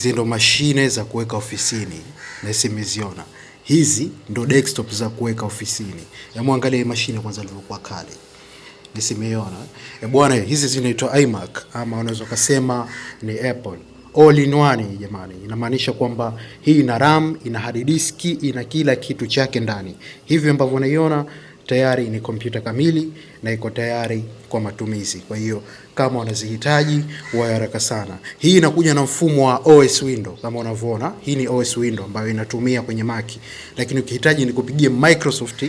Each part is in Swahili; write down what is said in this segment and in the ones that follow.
Hizi ndo mashine za kuweka ofisini nasimeziona. Hizi ndo desktop za kuweka ofisini. Hebu angalia mashine kwanza ilivyokuwa kale. Nisimeiona. E bwana, hizi zinaitwa iMac ama unaweza kusema ni Apple. All in one jamani. Inamaanisha kwamba hii ina RAM, ina hard disk, ina kila kitu chake ndani. Hivi ambavyo unaiona tayari ni kompyuta kamili na iko tayari kwa matumizi. Kwa hiyo kama wanazihitaji wawe haraka sana. Hii inakuja na mfumo wa OS window kama unavyoona, hii ni OS window ambayo inatumia kwenye Mac, lakini ukihitaji nikupigie Microsoft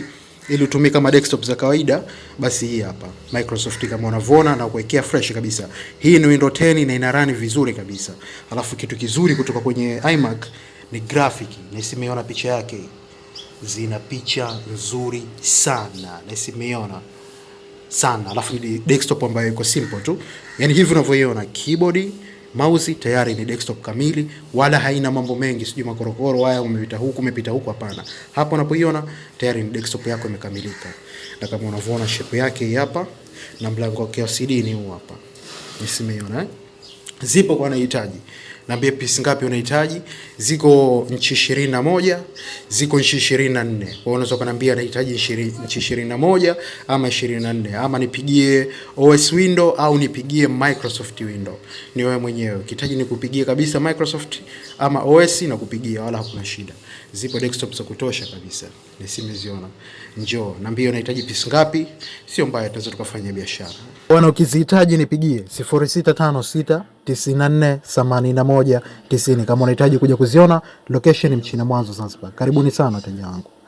ili utumie kama desktop za kawaida, basi hii hapa Microsoft kama unavyoona, na kuwekea fresh kabisa. Hii ni Windows 10 na ina run vizuri kabisa. Alafu kitu kizuri kutoka kwenye iMac ni graphic, nisimeona picha yake zina picha nzuri sana na simeona sana, alafu ni desktop ambayo iko simple tu, yani hivi unavyoiona keyboard mouse tayari ni desktop kamili, wala haina mambo mengi, sijui makorokoro haya umepita huku umepita huku, hapana. Hapo unapoiona tayari ni desktop yako imekamilika, na kama unavyoona shape yake hapa na mlango wake wa CD ni huu hapa, nisimeona eh? Zipo kwa nahitaji Niambie pisi ngapi unahitaji? Ziko nchi ishirini na moja, ziko nchi ishirini na nne. Kwa hiyo unaweza kuniambia nahitaji nchi ishirini na moja ama ishirini na nne, ama nipigie OS window au nipigie Microsoft window. Ni wewe mwenyewe. Ukihitaji nikupigie kabisa Microsoft ama OS na kupigia, wala hakuna shida. Zipo desktop za kutosha kabisa. Nisimeziona. Njoo, niambie unahitaji pisi ngapi? Sio mbaya, tunaweza tukafanya biashara. Bwana ukizihitaji nipigie 0656 94 90. Kama unahitaji kuja kuziona location Mchina Mwanzo Zanzibar, karibuni sana wateja wangu.